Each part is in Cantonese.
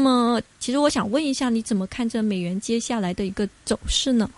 那麼，其實我想問一下，你怎麼看這美元接下來的一個走勢呢？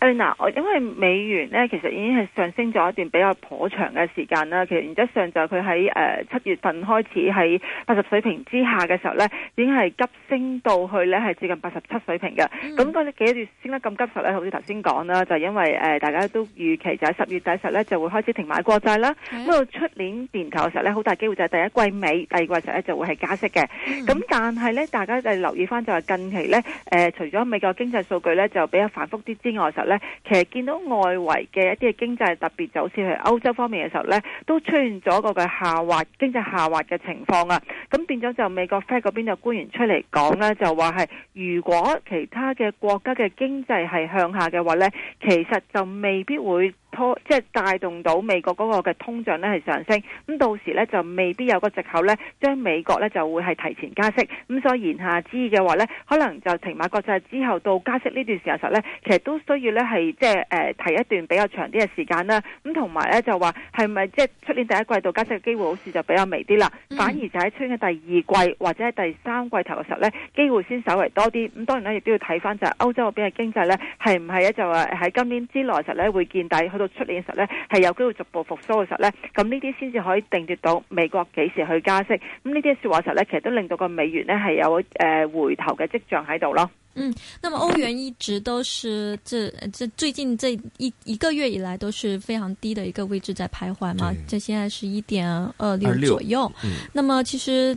誒嗱，我因為美元咧，其實已經係上升咗一段比較頗長嘅時間啦。其實原則上就佢喺誒七月份開始喺八十水平之下嘅時候咧，已經係急升到去咧係接近八十七水平嘅。咁嗰啲幾月升得咁急實咧？好似頭先講啦，就係、因為誒大家都預期就喺十月底嘅時候咧就會開始停買國債啦。不過出年年頭嘅時候咧，好大機會就係第一季尾、第二季嘅時候咧就會係加息嘅。咁、嗯、但係咧，大家就留意翻就係近期咧，誒、呃、除咗美國的經濟數據咧就比較繁複啲之外嘅時候咧，其實見到外圍嘅一啲經濟特別就好似係歐洲方面嘅時候咧，都出現咗個嘅下滑、經濟下滑嘅情況啊。咁變咗就美國 Fed 嗰邊嘅官員出嚟講咧，就話係如果其他嘅國家嘅經濟係向下嘅話咧，其實就未必會。拖，即係帶動到美國嗰個嘅通脹咧係上升，咁、嗯、到時咧就未必有個藉口咧，將美國咧就會係提前加息，咁、嗯、所以言下之意嘅話咧，可能就停馬國債之後到加息呢段時間時候咧，其實都需要咧係即係誒提一段比較長啲嘅時間啦，咁同埋咧就話係咪即係出年第一季度加息嘅機會好似就比較微啲啦，嗯，反而就喺出年第二季或者喺第三季頭嘅時候咧，機會先稍微多啲，咁、嗯、當然咧亦都要睇返就係歐洲嗰邊嘅經濟咧係唔係咧就話喺今年之內實咧會見底到出年嘅時候咧，係有機會逐步復甦嘅時候咧，咁呢啲先至可以定奪到美國幾時去加息。咁呢啲說話時候咧，其實都令到個美元咧係有誒回頭嘅跡象喺度咯。嗯，那麼歐元一直都是，這這最近這一一個月以來都是非常低的一個位置在徘徊嘛，就現在是一點二六左右。嗯，那麼其實。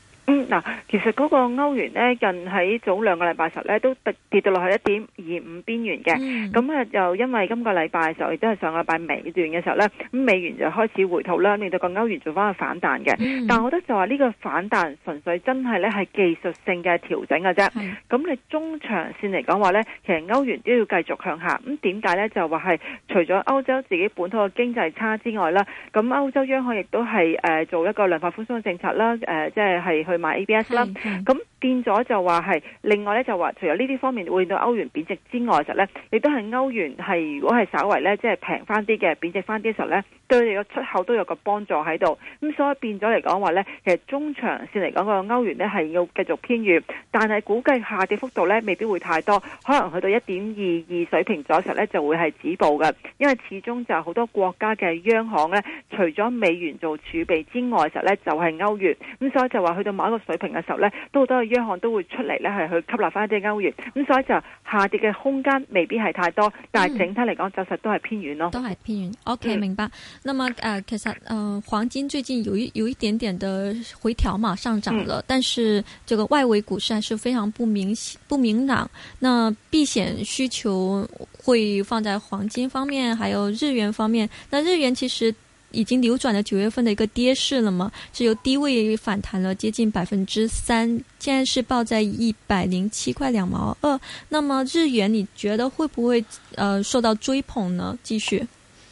嗱、嗯，其實嗰個歐元呢，近喺早兩個禮拜時候呢，都跌跌到落去一點二五邊緣嘅。咁、嗯、啊，就因為今個禮拜時候亦都係上個禮拜尾段嘅時候呢，咁美元就開始回吐啦，令到個歐元做翻去反彈嘅、嗯。但係我覺得就話呢個反彈純粹真係呢係技術性嘅調整嘅啫。咁你中長線嚟講話呢，其實歐元都要繼續向下。咁點解呢？就話係除咗歐洲自己本土嘅經濟差之外啦，咁歐洲央行亦都係誒做一個量化寬鬆嘅政策啦，誒即係係去。買 ABS 啦，咁。變咗就話係另外咧，就話除咗呢啲方面會令到歐元貶值之外嘅時候咧，亦都係歐元係如果係稍微咧即係平翻啲嘅貶值翻啲嘅時候咧，對你個出口都有個幫助喺度。咁所以變咗嚟講話咧，其實中長線嚟講個歐元咧係要繼續偏軟，但係估計下跌幅度咧未必會太多，可能去到一點二二水平左右嘅時候咧就會係止步嘅，因為始終就好多國家嘅央行咧除咗美元做儲備之外嘅時候咧就係、是、歐元，咁所以就話去到某一個水平嘅時候咧都都。央行都會出嚟咧，係去吸納翻一啲歐元，咁所以就下跌嘅空間未必係太多，但係整體嚟講，就實都係偏軟咯。嗯、都係偏軟 OK，明白。嗯、那麼誒、呃、其實、呃、黃金最近有一有一點點的回調嘛，上漲了、嗯，但是這個外圍股市還是非常不明不明朗。那避險需求會放在黃金方面，還有日元方面。那日元其實。已經扭轉了九月份的一個跌勢了嘛，是由低位反彈了接近百分之三，現在是報在一百零七塊兩毛二，呃。那麼日元，你覺得會不會呃受到追捧呢？繼續。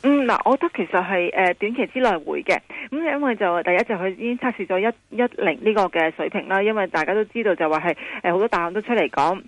嗯，嗱，我覺得其實係誒、呃、短期之內會嘅。咁、嗯、因為就第一就佢已經測試咗一一零呢個嘅水平啦，因為大家都知道就話係誒，好多大行都出嚟講。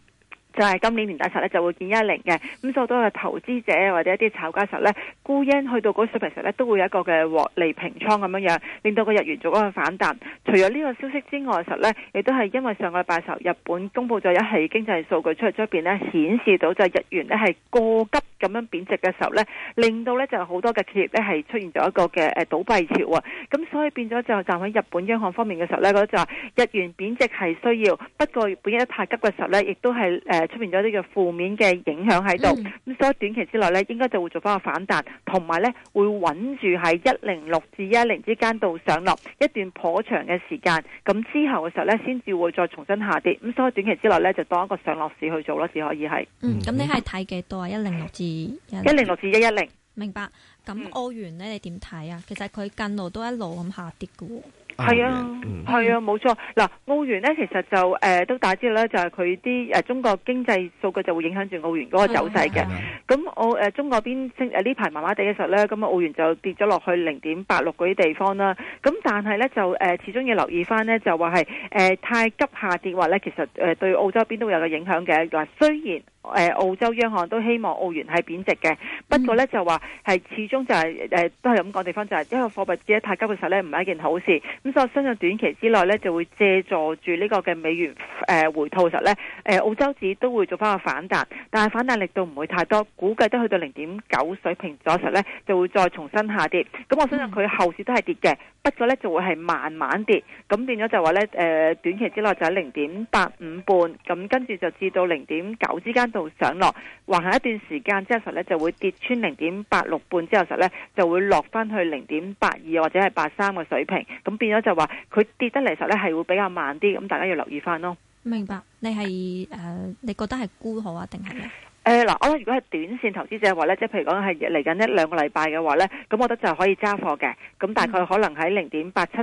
就係今年年底時候咧就會見一零嘅，咁所以好多嘅投資者或者一啲炒家嘅時候呢，孤鷹去到嗰水平時呢，實都會有一個嘅獲利平倉咁樣樣，令到個日元做嗰個反彈。除咗呢個消息之外，實呢，亦都係因為上個禮拜時候日本公布咗一係經濟數據出嚟，將一邊呢顯示到就日元呢係過急咁樣貶值嘅時候呢，令到呢就好多嘅企業呢係出現咗一個嘅誒倒閉潮啊！咁所以變咗就站喺日本央行方面嘅時候呢，嗰就係日元貶值係需要，不過本一太急嘅時候呢，亦都係誒。出現咗啲叫負面嘅影響喺度，咁、嗯、所以短期之內呢，應該就會做翻個反彈，同埋呢會穩住喺一零六至一零之間度上落一段頗長嘅時間，咁之後嘅時候呢，先至會再重新下跌，咁所以短期之內呢，就當一個上落市去做咯，只可以係。咁、嗯、你係睇幾多啊？一零六至一零六至一一零，明白。咁澳元呢，你點睇啊？其實佢近路都一路咁下跌㗎喎。係、oh、啊，係、嗯、啊，冇錯。嗱，澳元咧，其實就誒、呃、都大家知道啦，就係佢啲誒中國經濟數據就會影響住澳元嗰個走勢嘅。咁我誒，中國邊升誒呢排麻麻地嘅時候咧，咁啊澳元就跌咗落去零點八六嗰啲地方啦。咁但係咧就誒、呃、始終要留意翻咧，就話係誒太急下跌嘅話咧，其實誒、呃、對澳洲邊都有個影響嘅。嗱，雖然。呃、澳洲央行都希望澳元係貶值嘅、嗯，不過呢，就話係始終就係、是、誒、呃、都係咁講地方，就係因為貨幣跌得太急嘅時候呢，唔係一件好事。咁所以我相信短期之內呢，就會借助住呢個嘅美元誒、呃、回吐時呢誒、呃、澳洲市都會做翻個反彈，但係反彈力度唔會太多，估計都去到零點九水平咗時呢，就會再重新下跌。咁我相信佢後市都係跌嘅、嗯，不過呢，就會係慢慢跌。咁變咗就話呢，誒、呃、短期之內就喺零點八五半，咁跟住就至到零點九之間，度上落，橫行一段時間之後實咧就會跌穿零點八六半之後實咧就會落翻去零點八二或者係八三嘅水平，咁變咗就話佢跌得嚟實咧係會比較慢啲，咁大家要留意翻咯。明白，你係誒、呃、你覺得係沽好啊定係？誒、呃，嗱，我諗如果係短線投資者嘅話咧，即係譬如講係嚟緊一兩個禮拜嘅話咧，咁我覺得就係可以揸貨嘅，咁大概可能喺零點八七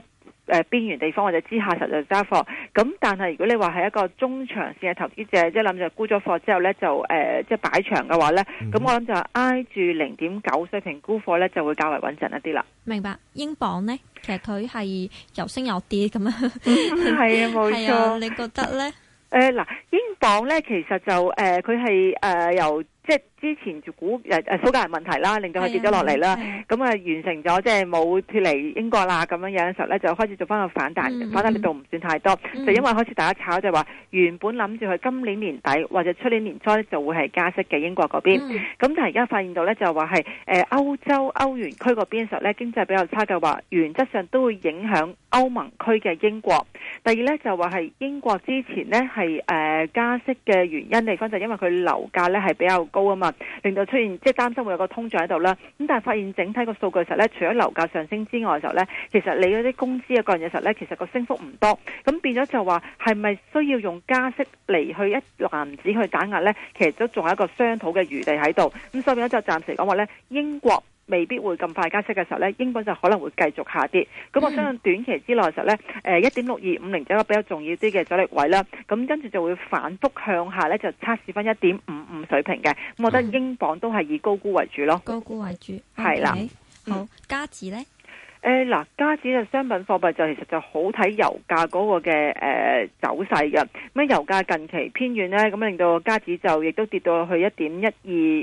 誒邊緣地方或者之下實就揸貨。咁但係如果你話係一個中長線嘅投資者，即係諗住沽咗貨之後咧就誒、呃、即係擺長嘅話咧，咁、mm -hmm. 我諗就挨住零點九水平沽貨咧就會較為穩陣一啲啦。明白，英鎊咧，其實佢係有升有跌咁啊，係、嗯、啊，冇錯是，你覺得咧？ 誒，嗱，英鎊咧，其實就誒，佢係誒由即。之前股誒誒、啊、蘇格蘭問題啦，令到佢跌咗落嚟啦，咁啊、嗯嗯嗯嗯、完成咗即係冇脱離英國啦咁樣嘅時候咧，就開始做翻個反彈、嗯，反彈力度唔算太多、嗯，就因為開始大家炒就話原本諗住佢今年年底或者出年年初就會係加息嘅英國嗰邊，咁、嗯、但係而家發現到咧就話係誒歐洲歐元區嗰邊嘅時候咧經濟比較差嘅話，原則上都會影響歐盟區嘅英國。第二咧就話係英國之前呢，係誒、呃、加息嘅原因地方，就係、因為佢樓價咧係比較高啊嘛。令到出現即係擔心會有個通脹喺度啦，咁但係發現整體個數據實咧，除咗樓價上升之外嘅時候咧，其實你嗰啲工資嘅個人嘅實咧，其實個升幅唔多，咁變咗就話係咪需要用加息嚟去一籃子去打壓咧？其實都仲有一個商討嘅餘地喺度。咁所以我就係暫時講話咧，英國，未必會咁快加息嘅時候呢，英鎊就可能會繼續下跌。咁我相信短期之內嘅時候呢，誒、呃，一點六二五零就一個比較重要啲嘅阻力位啦。咁跟住就會反覆向下呢，就測試翻一點五五水平嘅。咁我覺得英鎊都係以高沽為主咯，高沽為主。係、okay. 啦，好，嗯、加字呢。誒、哎，嗱，加紙嘅商品貨幣就其實就好睇油價嗰個嘅誒、呃、走勢嘅。咁油價近期偏軟呢，咁令到加紙就亦都跌到去一點一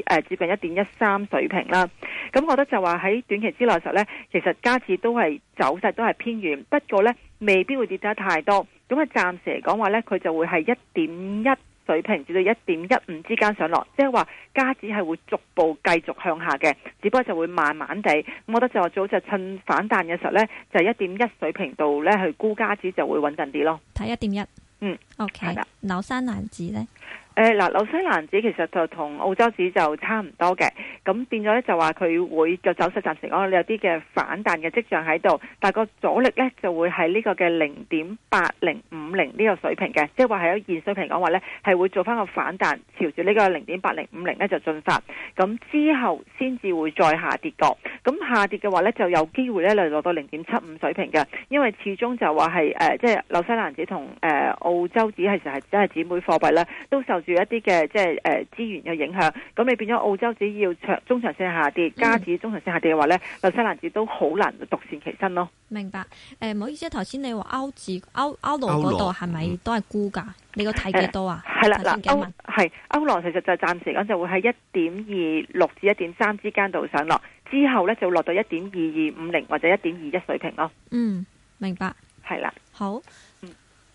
二誒，接近一點一三水平啦。咁我覺得就話喺短期之內嘅時候咧，其實加紙都係走勢都係偏軟，不過呢未必會跌得太多。咁啊，暫時嚟講話呢，佢就會係一點一水平至到一點一五之間上落，即係話家子係會逐步繼續向下嘅，只不過就會慢慢地。我覺得就早就趁反彈嘅時候呢，就一點一水平度呢去沽家子就會穩陣啲咯。睇一點一，嗯，OK，係啦，紐西蘭紙呢。誒、呃、嗱，紐西蘭紙其實就同澳洲紙就差唔多嘅，咁變咗咧就話佢會就走勢暫時講有啲嘅反彈嘅跡象喺度，但係個阻力咧就會喺呢個嘅零點八零五零呢個水平嘅，即係話喺現水平講話咧係會做翻個反彈，朝住呢個零點八零五零咧就進發，咁之後先至會再下跌過，咁下跌嘅話咧就有機會咧嚟落到零點七五水平嘅，因為始終就話係誒，即係紐西蘭紙同誒澳洲紙係實係真係姊妹貨幣啦，都受。住一啲嘅即係誒、呃、資源嘅影響，咁你變咗澳洲只要長中長線下跌，加紙中長線下跌嘅話咧，紐、嗯、西蘭紙都好難獨善其身咯。明白。誒、呃、唔好意思啊，頭先你話歐紙歐歐羅嗰度係咪都係估價？你個睇幾多啊？係、呃、啦，嗱，歐係歐羅，其實就暫時講就會喺一點二六至一點三之間度上落，之後咧就落到一點二二五零或者一點二一水平咯。嗯，明白。係啦，好。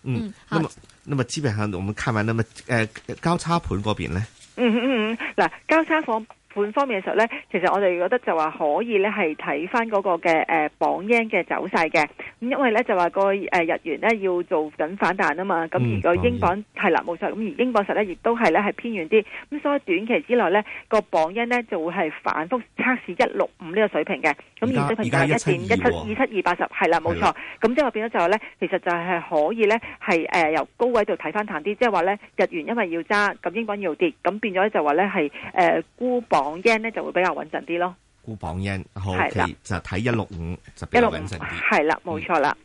嗯，嗯好，那麼那麼基本上我們看完，那麼誒，交、呃、叉盤嗰邊呢，嗯嗯嗯嗱，交叉盤。款方面嘅時候咧，其實我哋覺得就話可以咧，係睇翻嗰個嘅誒磅英嘅走勢嘅。咁因為咧就話個誒日元咧要做緊反彈啊嘛。咁、嗯、而個英磅係啦，冇錯。咁而英磅實咧，亦都係咧係偏遠啲。咁所以短期之內咧，個磅英咧就會係反覆測試一六五呢個水平嘅。咁而水平就係一點一七二七二八十，係啦，冇錯。咁即係話變咗就話咧，其實就係可以咧係誒由高位度睇翻彈啲。即係話咧日元因為要揸，咁英磅要跌，咁變咗就話咧係誒沽磅。榜英咧就會比較穩陣啲咯，顧榜英，好，其實就睇一六五就比較穩陣啲，係啦，冇錯啦，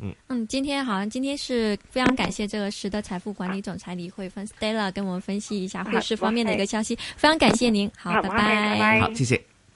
嗯，嗯，今天好像今天是非常感謝這個時的財富管理總裁李慧芬 Stella 跟我們分析一下匯市方面的一個消息，非常感謝您，好，拜拜，好，謝謝。